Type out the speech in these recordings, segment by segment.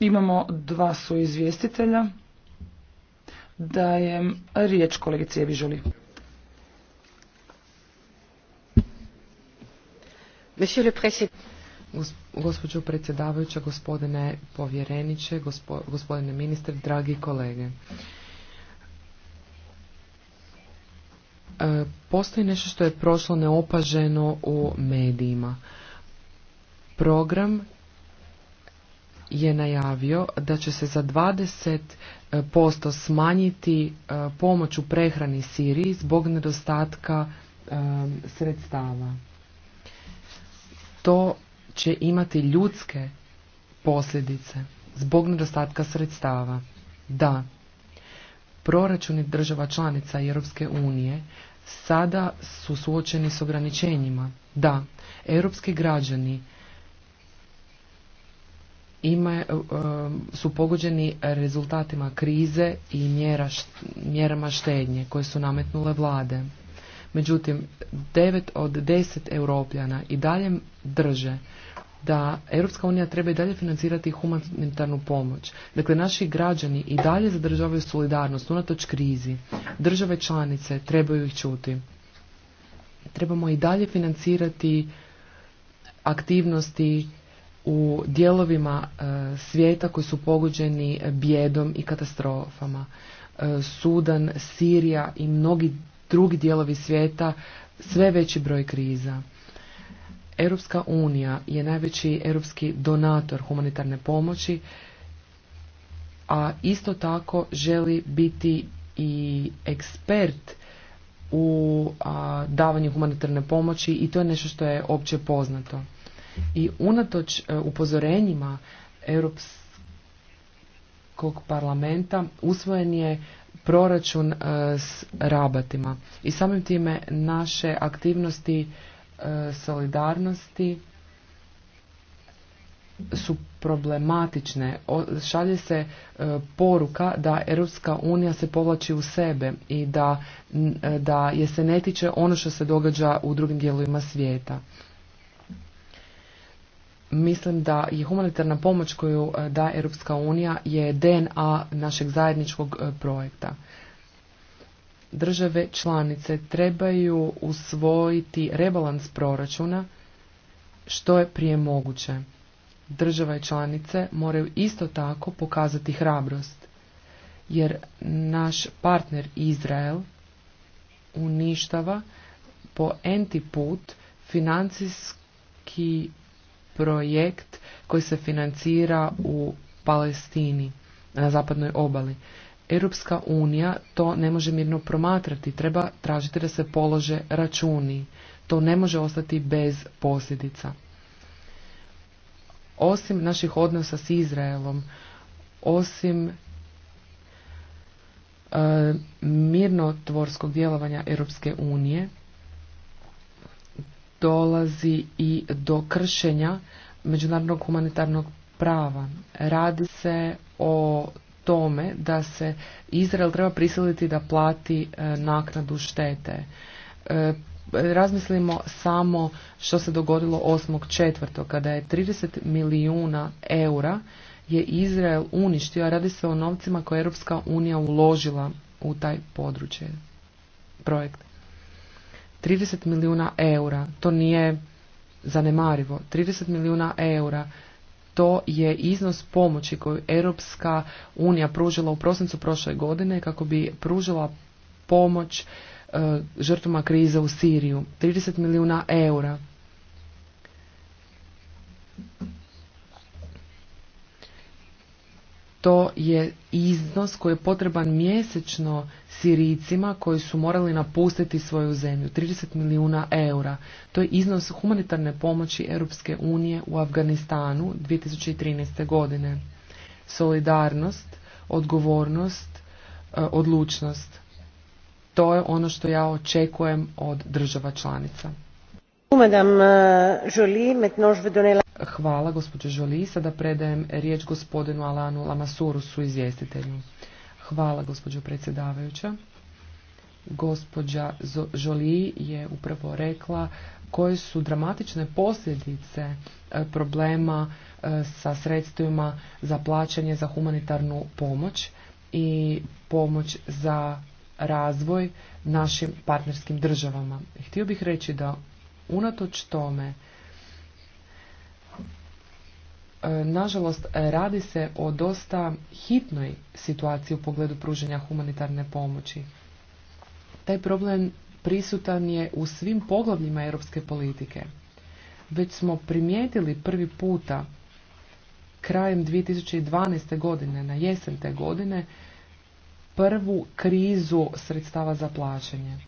Imamo dva su izvjestitelja. Dajem riječ kolegici Evi gospođo predsjedavajuća, gospodine povjereniče, gospodine ministre, dragi kolege. E, postoji nešto što je prošlo neopaženo u medijima. Program je najavio da će se za 20% smanjiti e, pomoć u prehrani Siriji zbog nedostatka e, sredstava. To će imati ljudske posljedice zbog nedostatka sredstava. Da, proračuni država članica Europske unije sada su suočeni s ograničenjima. Da, europski građani ima, e, su pogođeni rezultatima krize i mjera, mjerama štednje koje su nametnule vlade. Međutim, 9 od 10 europljana i dalje drže da Europska unija treba i dalje financirati humanitarnu pomoć. Dakle, naši građani i dalje zadržavaju solidarnost unatoč krizi. Države članice trebaju ih čuti. Trebamo i dalje financirati aktivnosti u dijelovima e, svijeta koji su pogođeni bjedom i katastrofama. E, Sudan, Sirija i mnogi drugi dijelovi svijeta sve veći broj kriza. Europska unija je najveći europski donator humanitarne pomoći, a isto tako želi biti i ekspert u davanju humanitarne pomoći i to je nešto što je opće poznato i unatoč e, upozorenjima Europskog parlamenta usvojen je proračun e, s rabatima i samim time naše aktivnosti e, solidarnosti su problematične. Šalje se poruka da Europska unija se povlači u sebe i da, da je se ne tiče ono što se događa u drugim dijelovima svijeta mislim da je humanitarna pomoć koju e, da Europska unija je DNA našeg zajedničkog e, projekta. Države članice trebaju usvojiti rebalans proračuna što je prije moguće. Države članice moraju isto tako pokazati hrabrost, jer naš partner Izrael uništava po enti put financijski projekt koji se financira u Palestini, na zapadnoj obali. Europska unija to ne može mirno promatrati, treba tražiti da se polože računi. To ne može ostati bez posljedica. Osim naših odnosa s Izraelom, osim e, mirnotvorskog djelovanja Europske unije, dolazi i do kršenja međunarodnog humanitarnog prava. Radi se o tome da se Izrael treba prisiliti da plati e, naknadu štete. E, razmislimo samo što se dogodilo 8.4. kada je 30 milijuna eura je Izrael uništio, a radi se o novcima koje je Europska unija uložila u taj područje projekt. 30 milijuna eura, to nije zanemarivo, 30 milijuna eura, to je iznos pomoći koju Europska unija pružila u prosincu prošle godine kako bi pružila pomoć e, žrtvama krize u Siriju. 30 milijuna eura to je iznos koji je potreban mjesečno siricima koji su morali napustiti svoju zemlju, 30 milijuna eura. To je iznos humanitarne pomoći Europske unije u Afganistanu 2013. godine. Solidarnost, odgovornost, e, odlučnost. To je ono što ja očekujem od država članica. Madame e, Jolie, Hvala, gospođo Žoli. Sada predajem riječ gospodinu Alanu Lamasuru, izvjestitelju. Hvala, gospođo predsjedavajuća. Gospođa Žoli je upravo rekla koje su dramatične posljedice e, problema e, sa sredstvima za plaćanje za humanitarnu pomoć i pomoć za razvoj našim partnerskim državama. Htio bih reći da unatoč tome E, nažalost, radi se o dosta hitnoj situaciji u pogledu pružanja humanitarne pomoći. Taj problem prisutan je u svim poglavljima europske politike. Već smo primijetili prvi puta krajem 2012. godine, na jesen te godine, prvu krizu sredstava za plaćanje.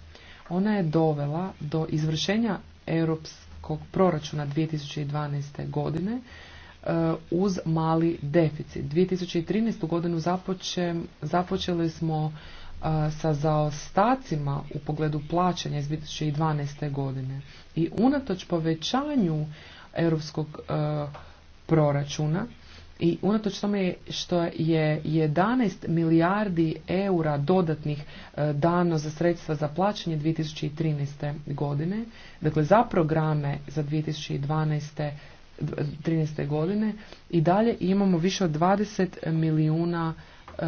Ona je dovela do izvršenja europskog proračuna 2012. godine E, uz mali deficit. 2013. godinu započeli smo e, sa zaostacima u pogledu plaćanja iz 2012. godine. I unatoč povećanju europskog e, proračuna i unatoč tome što je 11 milijardi eura dodatnih dano za sredstva za plaćanje 2013. godine, dakle za programe za 2012. 2013. godine i dalje imamo više od 20 milijuna e,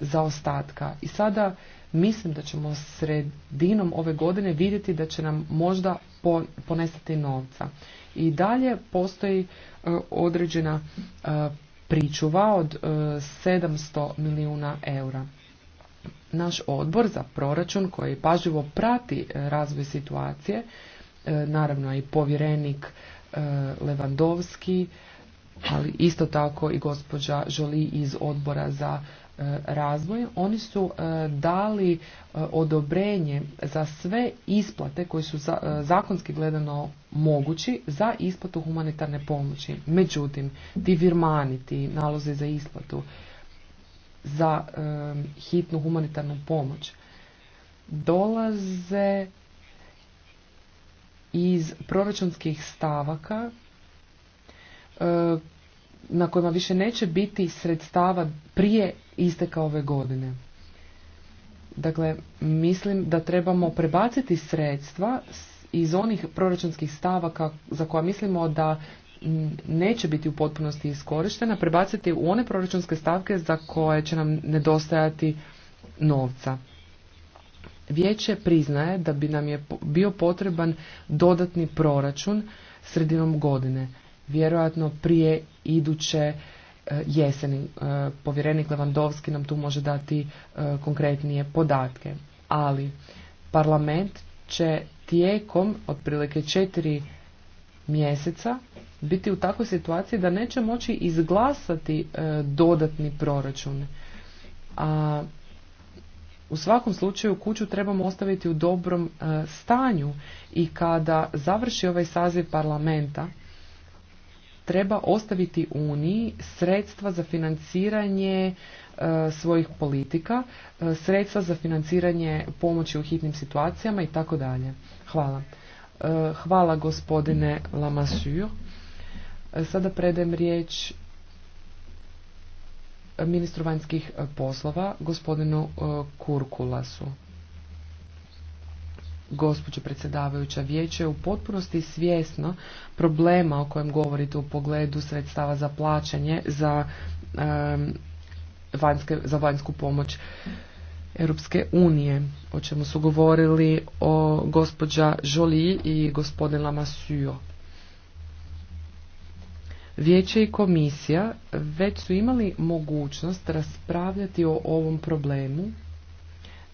zaostatka. I sada mislim da ćemo sredinom ove godine vidjeti da će nam možda ponestati novca. I dalje postoji e, određena e, pričuva od 700 e, milijuna eura. Naš odbor za proračun koji pažljivo prati razvoj situacije, naravno i povjerenik E, Levandovski, ali isto tako i gospođa Žoli iz odbora za e, razvoj, oni su e, dali odobrenje za sve isplate koji su zakonski gledano mogući za isplatu humanitarne pomoći. Međutim, ti virmani, ti nalozi za isplatu za hitnu humanitarnu pomoć dolaze iz proračunskih stavaka e, na kojima više neće biti sredstava prije isteka ove godine. Dakle, mislim da trebamo prebaciti sredstva iz onih proračunskih stavaka za koja mislimo da neće biti u potpunosti iskorištena, prebaciti u one proračunske stavke za koje će nam nedostajati novca. Vijeće priznaje da bi nam je bio potreban dodatni proračun sredinom godine, vjerojatno prije iduće e, jeseni. E, povjerenik Levandovski nam tu može dati e, konkretnije podatke. Ali parlament će tijekom otprilike četiri mjeseca biti u takvoj situaciji da neće moći izglasati dodatni proračun. A u svakom slučaju kuću trebamo ostaviti u dobrom e, stanju i kada završi ovaj saziv parlamenta treba ostaviti Uniji sredstva za financiranje e, svojih politika, e, sredstva za financiranje pomoći u hitnim situacijama i tako dalje. Hvala. Hvala gospodine Lamassure. Sada predajem riječ ministru vanjskih e, poslova, gospodinu e, Kurkulasu. Gospođo predsjedavajuća, vijeće je u potpunosti svjesno problema o kojem govorite u pogledu sredstava za plaćanje za, za vanjsku pomoć Europske unije, o čemu su govorili o gospođa Jolie i gospodin Sujo. Vijeće i komisija već su imali mogućnost raspravljati o ovom problemu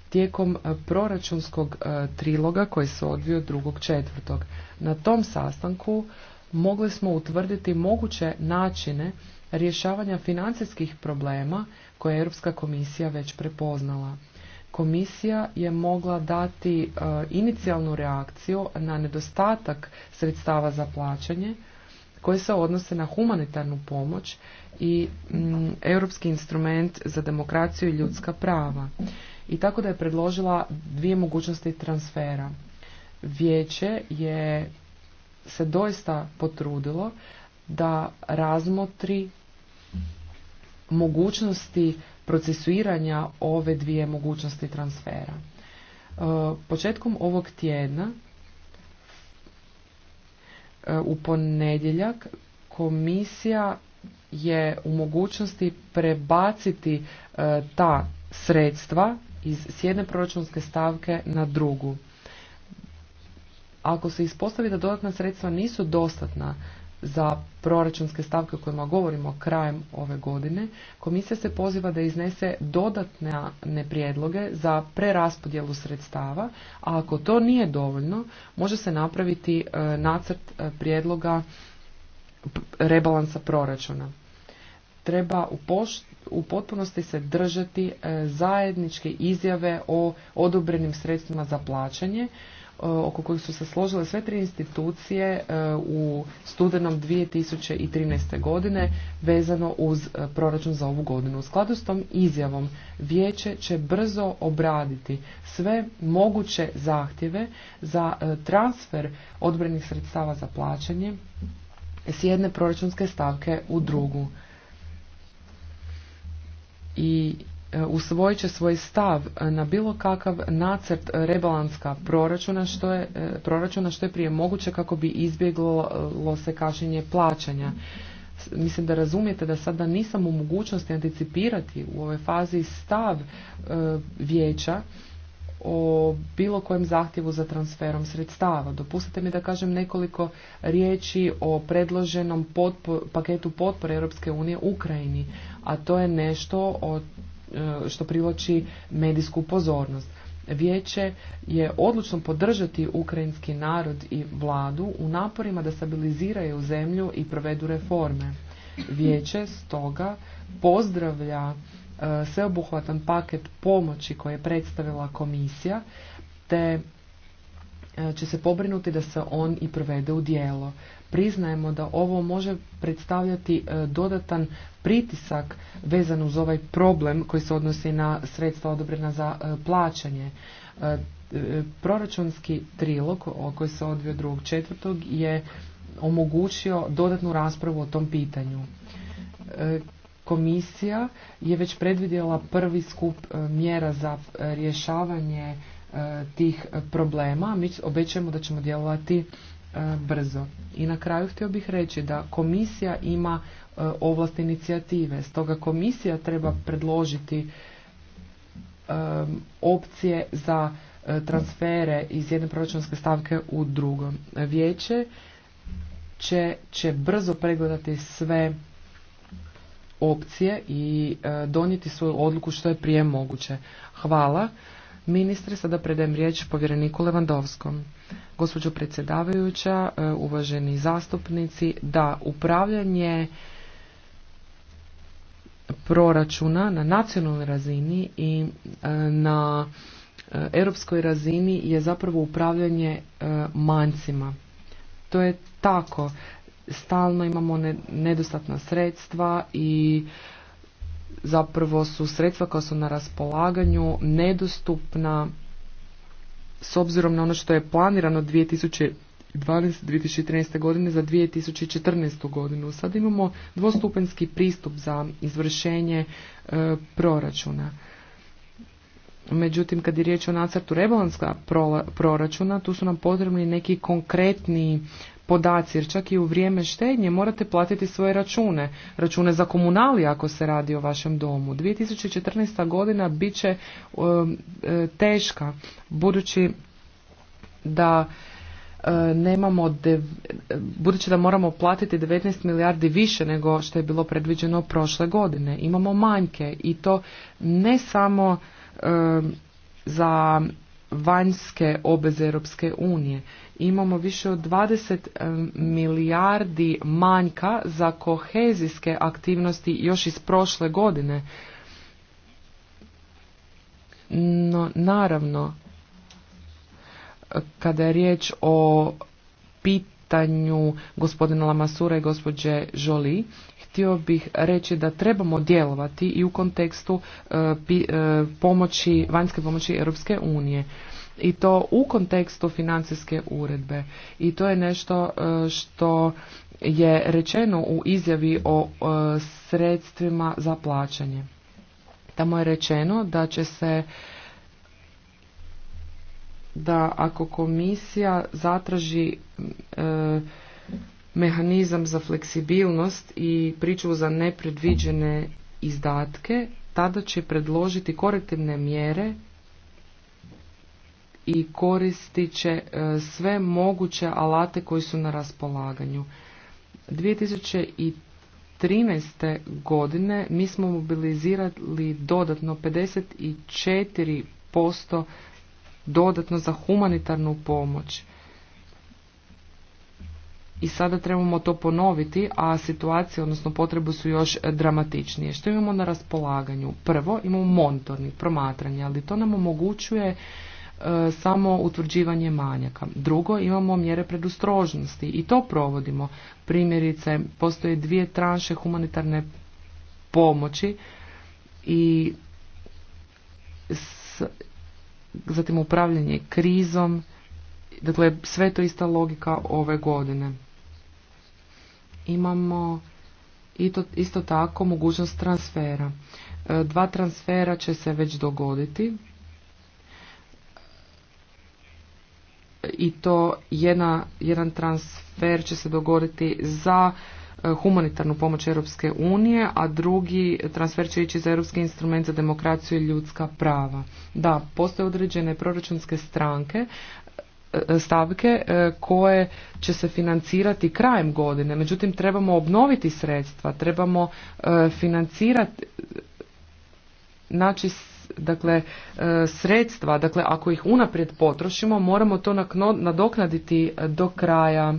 tijekom e, proračunskog e, triloga koji se odvio četvrtog. Na tom sastanku mogli smo utvrditi moguće načine rješavanja financijskih problema koje je Europska komisija već prepoznala. Komisija je mogla dati e, inicijalnu reakciju na nedostatak sredstava za plaćanje koje se odnose na humanitarnu pomoć i mm, Europski instrument za demokraciju i ljudska prava. I tako da je predložila dvije mogućnosti transfera. Vijeće je se doista potrudilo da razmotri mogućnosti procesuiranja ove dvije mogućnosti transfera. E, početkom ovog tjedna E, u ponedjeljak komisija je u mogućnosti prebaciti e, ta sredstva iz s jedne proračunske stavke na drugu. Ako se ispostavi da dodatna sredstva nisu dostatna, za proračunske stavke o kojima govorimo krajem ove godine, komisija se poziva da iznese dodatne prijedloge za preraspodjelu sredstava, a ako to nije dovoljno, može se napraviti e, nacrt e, prijedloga rebalansa proračuna. Treba u, u potpunosti se držati e, zajedničke izjave o odobrenim sredstvima za plaćanje, E, oko kojih su se složile sve tri institucije e, u studenom 2013. godine vezano uz e, proračun za ovu godinu. U skladu s tom izjavom vijeće će brzo obraditi sve moguće zahtjeve za transfer odbrenih sredstava za plaćanje s jedne proračunske stavke u drugu. I E, usvojit će svoj stav na bilo kakav nacrt rebalanska proračuna što je, e, proračuna što je prije moguće kako bi izbjeglo se kašenje plaćanja. Mislim da razumijete da sada nisam u mogućnosti anticipirati u ovoj fazi stav e, vijeća o bilo kojem zahtjevu za transferom sredstava. Dopustite mi da kažem nekoliko riječi o predloženom paketu potpore Europske unije Ukrajini, a to je nešto o E, što privlači medijsku pozornost. Vijeće je odlučno podržati ukrajinski narod i vladu u naporima da stabiliziraju zemlju i provedu reforme. Vijeće stoga pozdravlja e, sveobuhvatan paket pomoći koje je predstavila komisija te E, će se pobrinuti da se on i provede u dijelo. Priznajemo da ovo može predstavljati e, dodatan pritisak vezan uz ovaj problem koji se odnosi na sredstva odobrena za e, plaćanje. Proračunski trilog koji se odvio 2.4. je omogućio dodatnu raspravu o tom pitanju. Komisija je već predvidjela prvi skup mjera za rješavanje E, tih problema. Mi obećajemo da ćemo djelovati e, brzo. I na kraju htio bih reći da komisija ima e, ovlast inicijative. Stoga komisija treba predložiti opcije za transfere iz jedne proračunske stavke u drugo. Vijeće će, će brzo pregledati sve opcije i donijeti svoju odluku što je prije moguće. Hvala. Ministre, sada predajem riječ povjereniku Levandovskom. Gospođo predsjedavajuća, e, uvaženi zastupnici, da upravljanje proračuna na nacionalnoj razini i e, na e, europskoj razini je zapravo upravljanje mancima. To je tako. Stalno imamo nedostatna sredstva i zapravo su sredstva koja su na raspolaganju nedostupna s obzirom na ono što je planirano 2012. 2013. godine za 2014. godinu. Sad imamo dvostupenski pristup za izvršenje e, proračuna. Međutim, kad je riječ o nacrtu rebalanska proračuna, tu su nam potrebni neki konkretni podaci, jer čak i u vrijeme štednje morate platiti svoje račune, račune za komunali ako se radi o vašem domu. 2014. godina bit će um, e, teška, budući da e, nemamo budući da moramo platiti 19 milijardi više nego što je bilo predviđeno prošle godine. Imamo manjke i to ne samo e, za vanjske obveze Europske unije. Imamo više od 20 milijardi manjka za kohezijske aktivnosti još iz prošle godine. No, naravno, kada je riječ o pitanju gospodina Lamasura i gospođe Jolie, htio bih reći da trebamo djelovati i u kontekstu e, e, vanjske pomoći Europske unije i to u kontekstu financijske uredbe i to je nešto e, što je rečeno u izjavi o sredstvima za plaćanje. Tamo je rečeno da će se da ako komisija zatraži mehanizam za fleksibilnost i priču za nepredviđene izdatke, tada će predložiti korektivne mjere i koristit će e, sve moguće alate koji su na raspolaganju. 2013. godine mi smo mobilizirali dodatno 54% dodatno za humanitarnu pomoć i sada trebamo to ponoviti, a situacije, odnosno potrebe su još dramatičnije. Što imamo na raspolaganju? Prvo, imamo montorni promatranje, ali to nam omogućuje e, samo utvrđivanje manjaka. Drugo, imamo mjere predustrožnosti i to provodimo. Primjerice, postoje dvije tranše humanitarne pomoći i zatim upravljanje krizom. Dakle, sve to ista logika ove godine imamo to, isto tako mogućnost transfera. E, dva transfera će se već dogoditi i to jedan transfer će se dogoditi za e, humanitarnu pomoć Europske unije, a drugi transfer će ići za Europski instrument za demokraciju i ljudska prava. Da, postoje određene proračunske stranke E, stavke e, koje će se financirati krajem godine. Međutim, trebamo obnoviti sredstva, trebamo e, financirati, znači dakle sredstva, dakle ako ih unaprijed potrošimo, moramo to nadoknaditi do kraja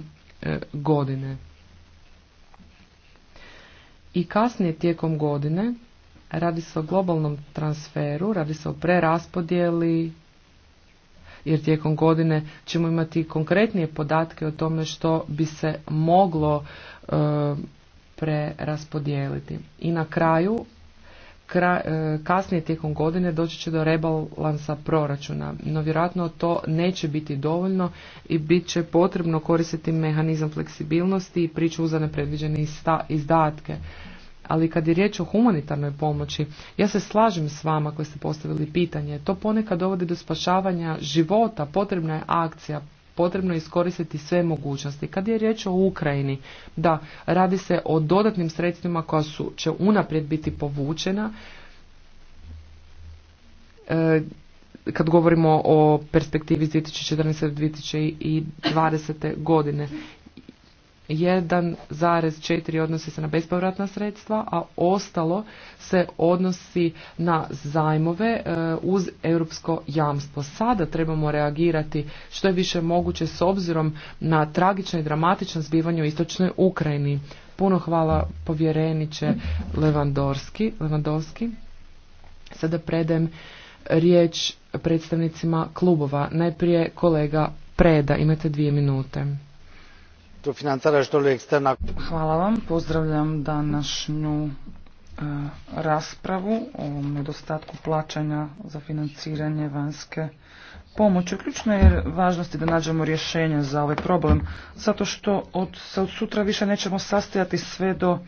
godine. I kasnije tijekom godine radi se o globalnom transferu, radi se o preraspodjeli jer tijekom godine ćemo imati konkretnije podatke o tome što bi se moglo e, preraspodijeliti. I na kraju, kra, e, kasnije tijekom godine doći će do rebalansa proračuna, no vjerojatno to neće biti dovoljno i bit će potrebno koristiti mehanizam fleksibilnosti i priču za nepredviđene izdatke ali kad je riječ o humanitarnoj pomoći, ja se slažem s vama koji ste postavili pitanje, to ponekad dovodi do spašavanja života, potrebna je akcija, potrebno je iskoristiti sve mogućnosti. Kad je riječ o Ukrajini, da, radi se o dodatnim sredstvima koja su, će unaprijed biti povučena, e, kad govorimo o perspektivi iz 2014. i 2020. godine 1,4 odnosi se na bespovratna sredstva, a ostalo se odnosi na zajmove e, uz europsko jamstvo. Sada trebamo reagirati što je više moguće s obzirom na tragično i dramatično zbivanje u istočnoj Ukrajini. Puno hvala povjereniče Levandorski. Levandorski. Sada predajem riječ predstavnicima klubova. Najprije kolega Preda, imate dvije minute. Hvala vam. Pozdravljam današnju e, raspravu o nedostatku plaćanja za financiranje vanjske pomoći. Ključno je važnosti da nađemo rješenje za ovaj problem, zato što od, od sutra više nećemo sastojati sve do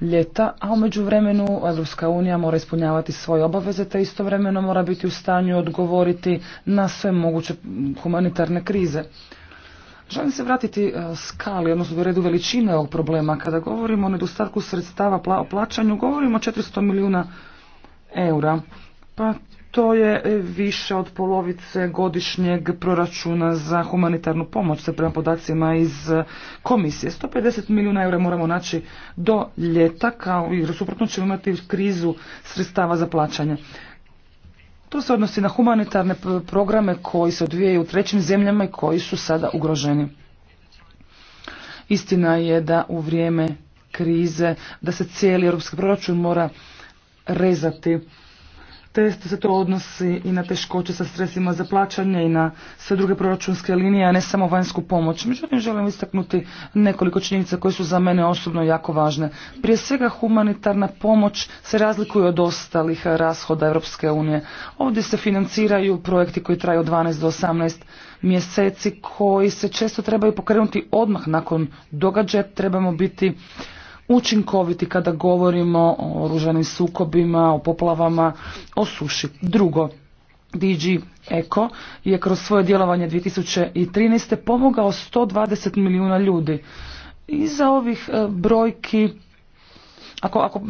ljeta, a umeđu vremenu Evropska unija mora ispunjavati svoje obaveze, te istovremeno mora biti u stanju odgovoriti na sve moguće humanitarne krize. Želim se vratiti e, skali, odnosno u redu veličine ovog problema. Kada govorimo o nedostatku sredstava o plaćanju, govorimo o 400 milijuna eura. Pa to je e, više od polovice godišnjeg proračuna za humanitarnu pomoć, se prema podacima iz e, komisije. 150 milijuna eura moramo naći do ljeta, kao i suprotno ćemo imati krizu sredstava za plaćanje. To se odnosi na humanitarne programe koji se odvijaju u trećim zemljama i koji su sada ugroženi. Istina je da u vrijeme krize da se cijeli europski proračun mora rezati te se to odnosi i na teškoće sa stresima za plaćanje i na sve druge proračunske linije, a ne samo vanjsku pomoć. Međutim, želim istaknuti nekoliko činjenica koje su za mene osobno jako važne. Prije svega, humanitarna pomoć se razlikuje od ostalih rashoda Europske unije. Ovdje se financiraju projekti koji traju od 12 do 18 mjeseci, koji se često trebaju pokrenuti odmah nakon događaja. Trebamo biti učinkoviti kada govorimo o oružanim sukobima, o poplavama, o suši. Drugo, DG Eko je kroz svoje djelovanje 2013. pomogao 120 milijuna ljudi. Iza ovih e, brojki ako, ako,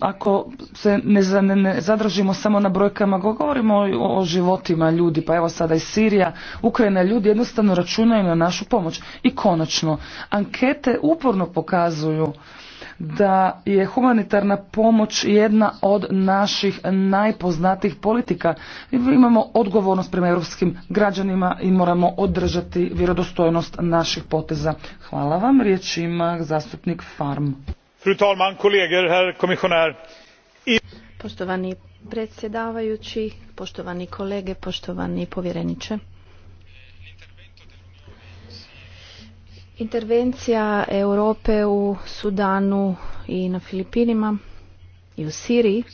ako se ne, ne, zadržimo samo na brojkama, govorimo o, o životima ljudi, pa evo sada i Sirija, Ukrajina, ljudi jednostavno računaju na našu pomoć. I konačno, ankete uporno pokazuju da je humanitarna pomoć jedna od naših najpoznatijih politika. Imamo odgovornost prema europskim građanima i moramo održati vjerodostojnost naših poteza. Hvala vam. Riječ ima zastupnik Farm. Fru talman, Poštovani predsjedavajući, poštovani kolege, poštovani povjereniče. Intervencija Europe u Sudanu i na Filipinima i u Siriji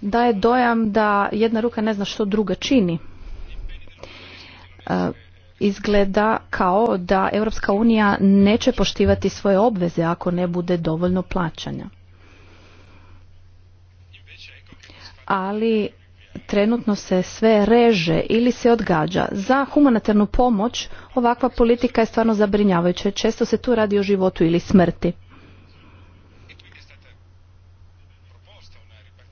daje dojam da jedna ruka ne zna što druga čini. E, izgleda kao da Europska unija neće poštivati svoje obveze ako ne bude dovoljno plaćanja. Ali trenutno se sve reže ili se odgađa. Za humanitarnu pomoć ovakva politika je stvarno zabrinjavajuća. Često se tu radi o životu ili smrti.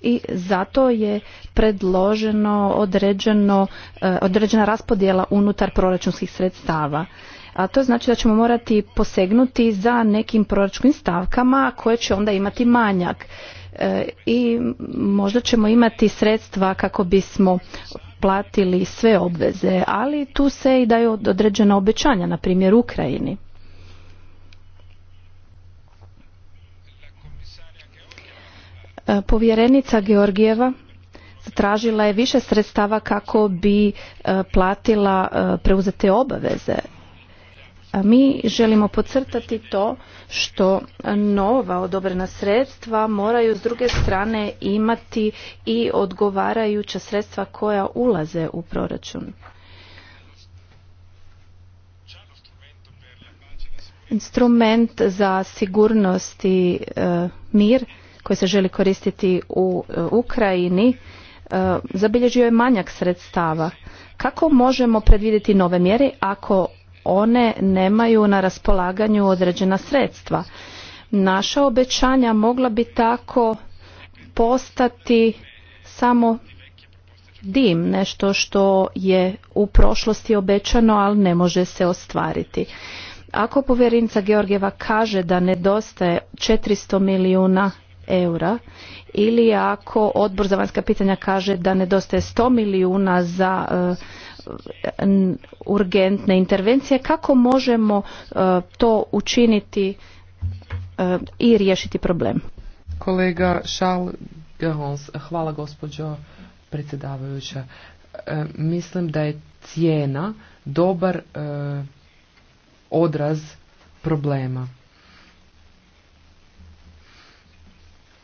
i zato je predloženo određeno, e, određena raspodjela unutar proračunskih sredstava a to znači da ćemo morati posegnuti za nekim proračunskim stavkama koje će onda imati manjak e, i možda ćemo imati sredstva kako bismo platili sve obveze, ali tu se i daju određena obećanja, na primjer Ukrajini. E, povjerenica Georgijeva tražila je više sredstava kako bi e, platila preuzete obaveze mi želimo podcrtati to što nova odobrena sredstva moraju s druge strane imati i odgovarajuća sredstva koja ulaze u proračun. Instrument za sigurnost i e, mir koji se želi koristiti u e, Ukrajini e, zabilježio je manjak sredstava. Kako možemo predvidjeti nove mjere ako one nemaju na raspolaganju određena sredstva. Naša obećanja mogla bi tako postati samo dim, nešto što je u prošlosti obećano, ali ne može se ostvariti. Ako povjerinca Georgeva kaže da nedostaje 400 milijuna eura ili ako odbor za vanjska pitanja kaže da nedostaje 100 milijuna za e, urgentne intervencije kako možemo e, to učiniti e, i riješiti problem. Kolega Šal Gahons, hvala gospođo predsjedavajuća. E, mislim da je cijena dobar odraz problema.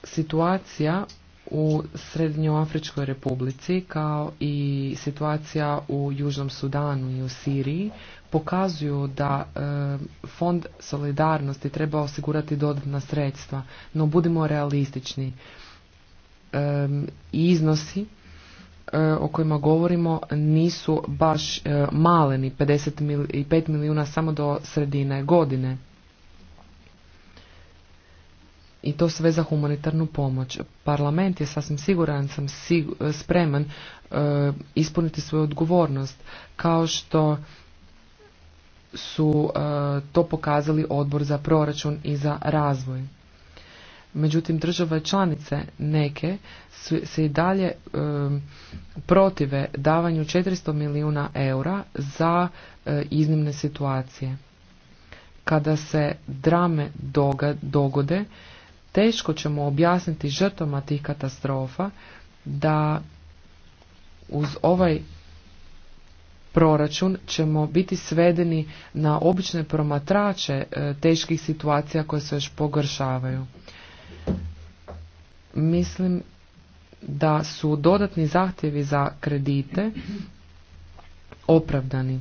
Situacija u Srednjoafričkoj republici kao i situacija u Južnom Sudanu i u Siriji pokazuju da e, fond solidarnosti treba osigurati dodatna sredstva, no budimo realistični. E, iznosi e, o kojima govorimo nisu baš maleni, 55 milijuna samo do sredine godine i to sve za humanitarnu pomoć. Parlament je sasvim siguran sam spreman e, ispuniti svoju odgovornost kao što su e, to pokazali Odbor za proračun i za razvoj. Međutim, države članice neke se i dalje e, protive davanju 400 milijuna eura za iznimne situacije. Kada se drame dogode teško ćemo objasniti žrtvama tih katastrofa da uz ovaj proračun ćemo biti svedeni na obične promatrače e, teških situacija koje se još pogoršavaju. Mislim da su dodatni zahtjevi za kredite opravdani.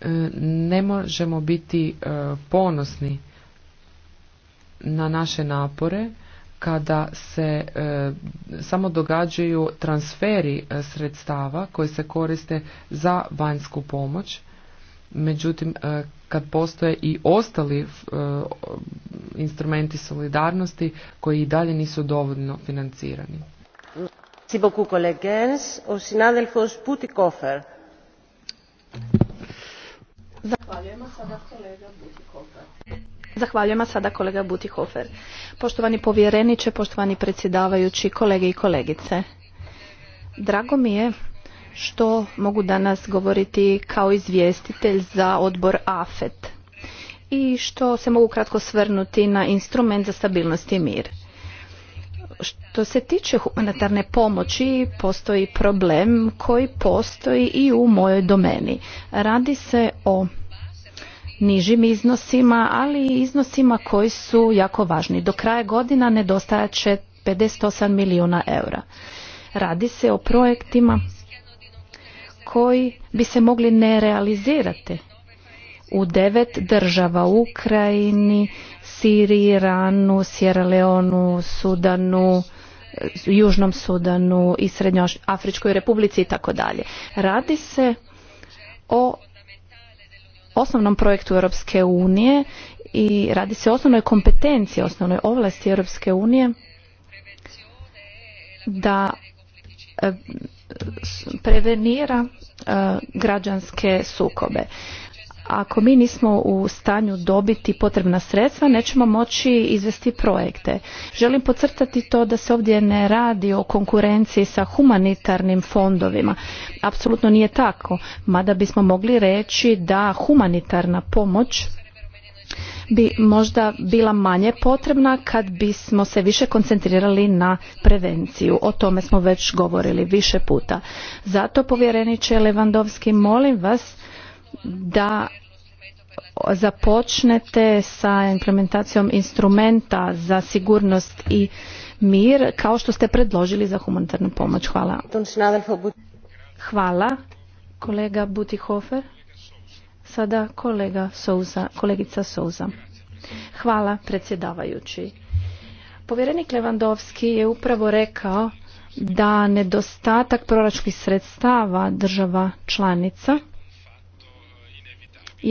E, ne možemo biti e, ponosni na naše napore kada se e, samo događaju transferi e, sredstava koji se koriste za vanjsku pomoć međutim e, kad postoje i ostali instrumenti solidarnosti koji i dalje nisu dovoljno financirani Zahvaljujem, sada kolega Butihofer. Poštovani povjereniče, poštovani predsjedavajući, kolege i kolegice. Drago mi je što mogu danas govoriti kao izvjestitelj za odbor AFET i što se mogu kratko svrnuti na instrument za stabilnost i mir. Što se tiče humanitarne pomoći, postoji problem koji postoji i u mojoj domeni. Radi se o nižim iznosima, ali i iznosima koji su jako važni. Do kraja godina nedostajat će 58 milijuna eura. Radi se o projektima koji bi se mogli ne realizirati u devet država u Ukrajini, Siriji, Iranu, Sierra Leonu, Sudanu, Južnom Sudanu i Srednjoafričkoj republici i tako dalje. Radi se o osnovnom projektu Europske unije i radi se o osnovnoj kompetenciji, osnovnoj ovlasti Europske unije da eh, prevenira eh, građanske sukobe. Ako mi nismo u stanju dobiti potrebna sredstva, nećemo moći izvesti projekte. Želim podcrtati to da se ovdje ne radi o konkurenciji sa humanitarnim fondovima. Apsolutno nije tako, mada bismo mogli reći da humanitarna pomoć bi možda bila manje potrebna kad bismo se više koncentrirali na prevenciju. O tome smo već govorili više puta. Zato povjereniče Levandovski molim vas da započnete sa implementacijom instrumenta za sigurnost i mir kao što ste predložili za humanitarnu pomoć. Hvala. Hvala kolega Butihofer. Sada kolega Souza, kolegica Souza. Hvala predsjedavajući. Povjerenik Levandovski je upravo rekao da nedostatak proračunskih sredstava država članica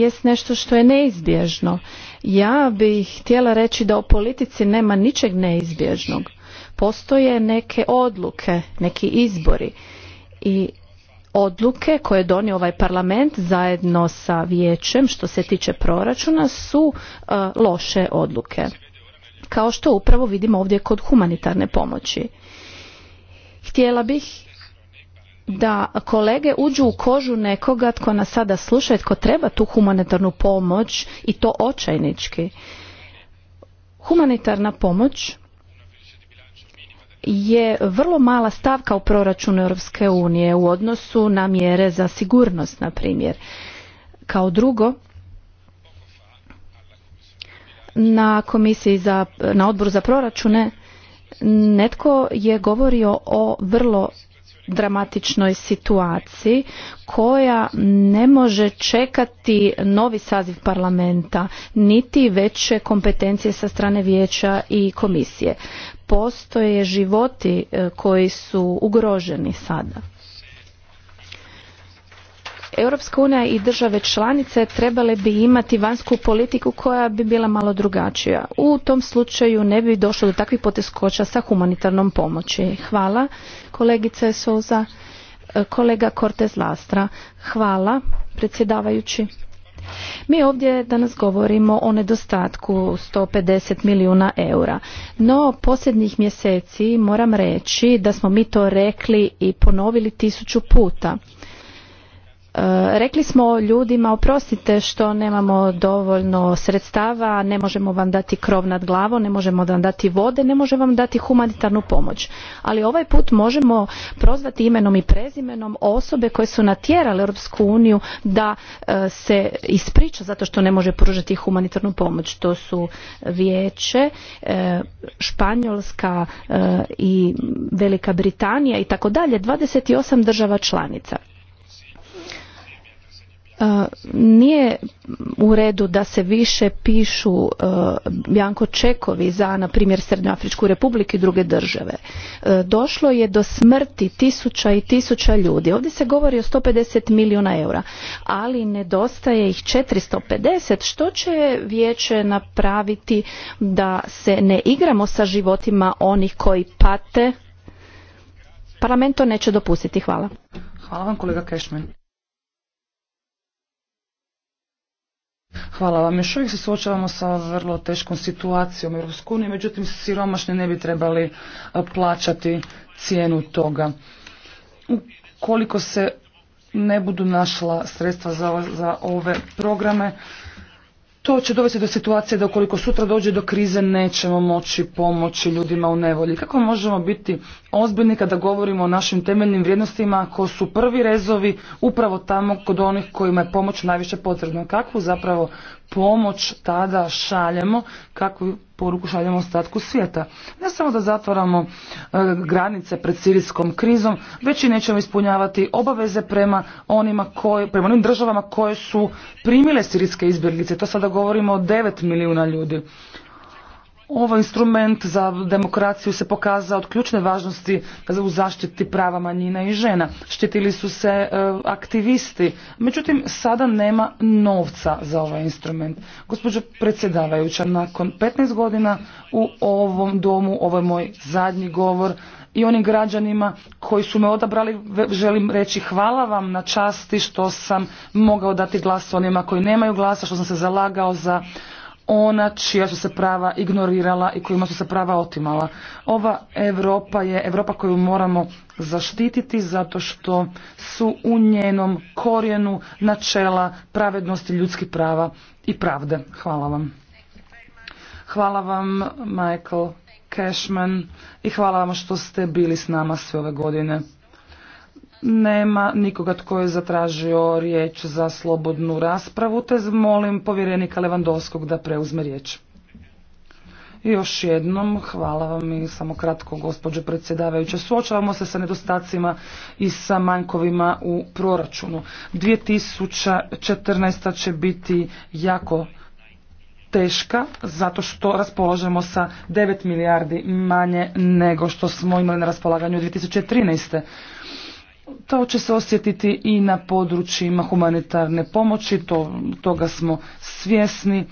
jest nešto što je neizbježno. Ja bih htjela reći da o politici nema ničeg neizbježnog. Postoje neke odluke, neki izbori i odluke koje je donio ovaj parlament zajedno sa vijećem što se tiče proračuna su e, loše odluke. Kao što upravo vidimo ovdje kod humanitarne pomoći. Htjela bih da kolege uđu u kožu nekoga tko nas sada sluša i tko treba tu humanitarnu pomoć i to očajnički. Humanitarna pomoć je vrlo mala stavka u proračunu Europske unije u odnosu na mjere za sigurnost, na primjer. Kao drugo, na komisiji za, na odboru za proračune netko je govorio o vrlo dramatičnoj situaciji koja ne može čekati novi saziv parlamenta niti veće kompetencije sa strane vijeća i komisije. Postoje životi e, koji su ugroženi sada. Europska unija i države članice trebale bi imati vanjsku politiku koja bi bila malo drugačija. U tom slučaju ne bi došlo do takvih poteškoća sa humanitarnom pomoći. Hvala kolegice Souza, e, kolega Cortez Lastra. Hvala predsjedavajući. Mi ovdje danas govorimo o nedostatku 150 milijuna eura, no posljednjih mjeseci moram reći da smo mi to rekli i ponovili tisuću puta. E, rekli smo ljudima oprostite što nemamo dovoljno sredstava, ne možemo vam dati krov nad glavom, ne možemo vam dati vode, ne možemo vam dati humanitarnu pomoć. Ali ovaj put možemo prozvati imenom i prezimenom osobe koje su natjerale Europsku uniju da e, se ispriča zato što ne može pružati humanitarnu pomoć. To su Vijeće, e, Španjolska i Velika Britanija i tako dalje, 28 država članica nije u redu da se više pišu e, Janko Čekovi za, na primjer, Srednjoafričku republiku i druge države. E, došlo je do smrti tisuća i tisuća ljudi. Ovdje se govori o 150 milijuna eura, ali nedostaje ih 450. Što će vijeće napraviti da se ne igramo sa životima onih koji pate? Parlament to neće dopustiti. Hvala. Hvala vam kolega Kešmen. Hvala vam. Još uvijek se suočavamo sa vrlo teškom situacijom u EU, međutim siromašni ne bi trebali e, plaćati cijenu toga. Ukoliko se ne budu našla sredstva za ove programe, to će dovesti do situacije da ukoliko sutra dođe do krize nećemo moći pomoći ljudima u nevolji. Kako možemo biti ozbiljni kada govorimo o našim temeljnim vrijednostima ko su prvi rezovi upravo tamo kod onih kojima je pomoć najviše potrebna? Kakvu zapravo pomoć tada šaljemo? Kakvu poruku šaljemo ostatku svijeta. Ne samo da zatvaramo e, granice pred sirijskom krizom, već i nećemo ispunjavati obaveze prema onima koje, prema onim državama koje su primile sirijske izbjeglice. To sada govorimo o 9 milijuna ljudi. Ovaj instrument za demokraciju se pokazao od ključne važnosti u zaštiti prava manjina i žena. Štitili su se e, aktivisti, međutim sada nema novca za ovaj instrument. Gospođo predsjedavajuća, nakon 15 godina u ovom domu, ovo je moj zadnji govor i onim građanima koji su me odabrali želim reći hvala vam na časti što sam mogao dati glas onima koji nemaju glasa, što sam se zalagao za ona čija su se prava ignorirala i kojima su se prava otimala. Ova Europa je Europa koju moramo zaštititi zato što su u njenom korijenu načela pravednosti ljudskih prava i pravde. Hvala vam. Hvala vam Michael Cashman i hvala vam što ste bili s nama sve ove godine. Nema nikoga tko je zatražio riječ za slobodnu raspravu, te molim povjerenika Levandovskog da preuzme riječ. još jednom, hvala vam i samo kratko, gospođo predsjedavajuća. Suočavamo se sa nedostacima i sa manjkovima u proračunu. 2014. će biti jako teška zato što raspoložemo sa 9 milijardi manje nego što smo imali na raspolaganju 2013 to će se osjetiti i na područjima humanitarne pomoći, to, toga smo svjesni.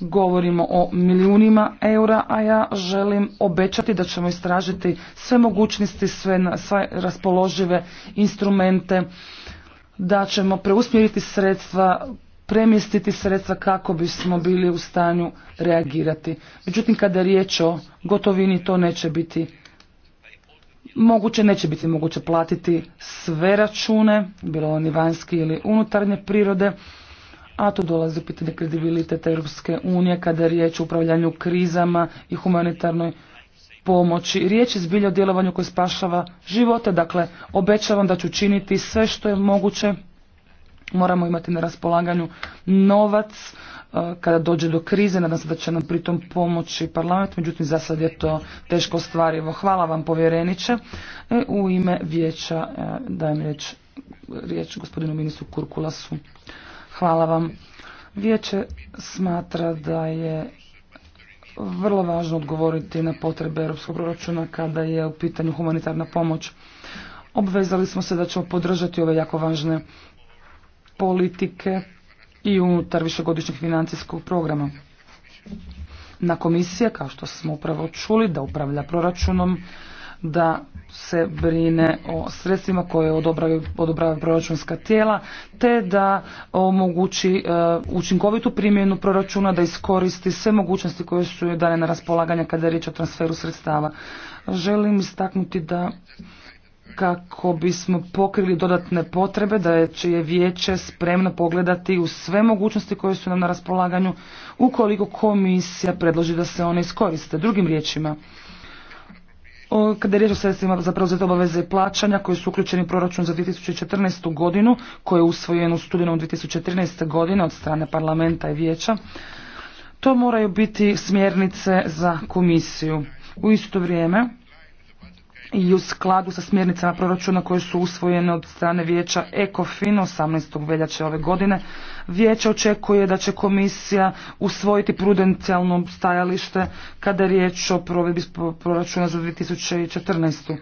Govorimo o milijunima eura, a ja želim obećati da ćemo istražiti sve mogućnosti, sve, sve raspoložive instrumente, da ćemo preusmjeriti sredstva, premjestiti sredstva kako bismo bili u stanju reagirati. Međutim, kada je riječ o gotovini, to neće biti moguće, neće biti moguće platiti sve račune, bilo oni vanjski ili unutarnje prirode, a tu dolazi pitanje kredibiliteta Europske unije kada je riječ o upravljanju krizama i humanitarnoj pomoći. Riječ je zbilja o djelovanju koje spašava živote, dakle obećavam da ću činiti sve što je moguće. Moramo imati na raspolaganju novac kada dođe do krize. Nadam se da će nam pritom pomoći parlament, međutim za sad je to teško ostvarivo. Hvala vam povjereniče. E, u ime vijeća e, dajem riječ, riječ gospodinu ministru Kurkulasu. Hvala vam. Vijeće smatra da je vrlo važno odgovoriti na potrebe europskog proračuna kada je u pitanju humanitarna pomoć. Obvezali smo se da ćemo podržati ove jako važne politike i unutar višegodišnjeg financijskog programa. Na komisije, kao što smo upravo čuli, da upravlja proračunom, da se brine o sredstvima koje odobravaju proračunska tijela, te da omogući e, učinkovitu primjenu proračuna, da iskoristi sve mogućnosti koje su dane na raspolaganje kada je riječ o transferu sredstava. Želim istaknuti da kako bismo pokrili dodatne potrebe, da će je vijeće spremno pogledati u sve mogućnosti koje su nam na raspolaganju ukoliko komisija predloži da se one iskoriste. Drugim riječima, kada je riječ o sredstvima za preuzete obaveze i plaćanja koji su uključeni u proračun za 2014. godinu, koji je usvojen u studenom 2013. godine od strane parlamenta i vijeća, to moraju biti smjernice za komisiju. U isto vrijeme, i u skladu sa smjernicama proračuna koje su usvojene od strane vijeća ECOFIN 18. veljače ove godine. Vijeće očekuje da će komisija usvojiti prudencijalno stajalište kada je riječ o provedbi proračuna za 2014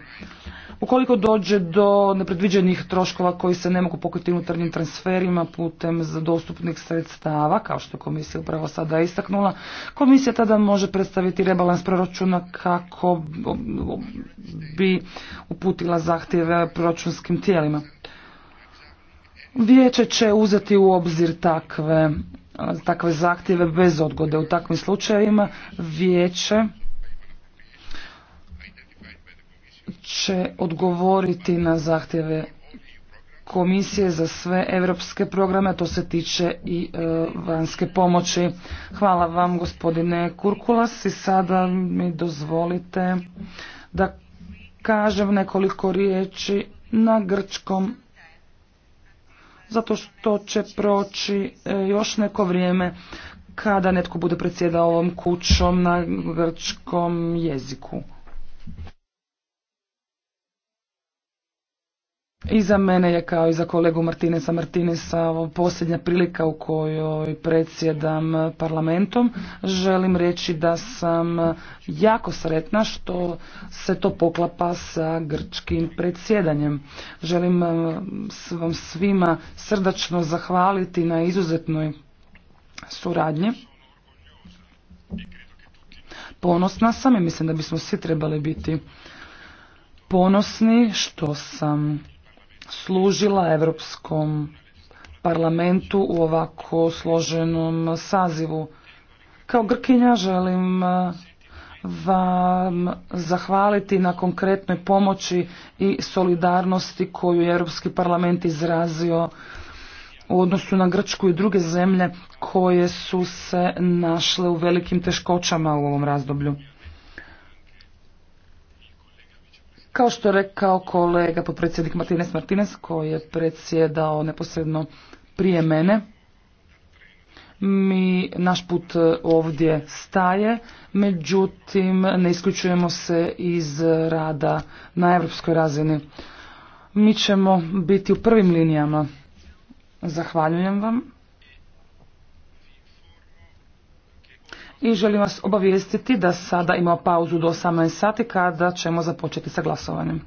ukoliko dođe do nepredviđenih troškova koji se ne mogu pokriti unutarnjim transferima putem za dostupnih sredstava, kao što je komisija upravo sada istaknula, komisija tada može predstaviti rebalans proračuna kako bi uputila zahtjeve proračunskim tijelima. Vijeće će uzeti u obzir takve, takve zahtjeve bez odgode. U takvim slučajevima vijeće će odgovoriti na zahtjeve komisije za sve europske programe, a to se tiče i vanske vanjske pomoći. Hvala vam gospodine Kurkulas i sada mi dozvolite da kažem nekoliko riječi na grčkom zato što će proći e, još neko vrijeme kada netko bude predsjedao ovom kućom na grčkom jeziku. I za mene je kao i za kolegu Martinesa Martinesa ovo posljednja prilika u kojoj predsjedam parlamentom. Želim reći da sam jako sretna što se to poklapa sa grčkim predsjedanjem. Želim eh, vam svima srdačno zahvaliti na izuzetnoj suradnji. Ponosna sam i mislim da bismo svi trebali biti ponosni što sam služila Europskom parlamentu u ovako složenom sazivu. Kao Grkinja želim e, vam zahvaliti na konkretnoj pomoći i solidarnosti koju je Europski parlament izrazio u odnosu na Grčku i druge zemlje koje su se našle u velikim teškoćama u ovom razdoblju. Kao što je rekao kolega potpredsjednik Martinez Martinez koji je predsjedao neposredno prije mene, mi, naš put ovdje staje, međutim ne isključujemo se iz rada na europskoj razini. Mi ćemo biti u prvim linijama. Zahvaljujem vam. i želim vas obavijestiti da sada imamo pauzu do 18 sati kada ćemo započeti sa glasovanjem.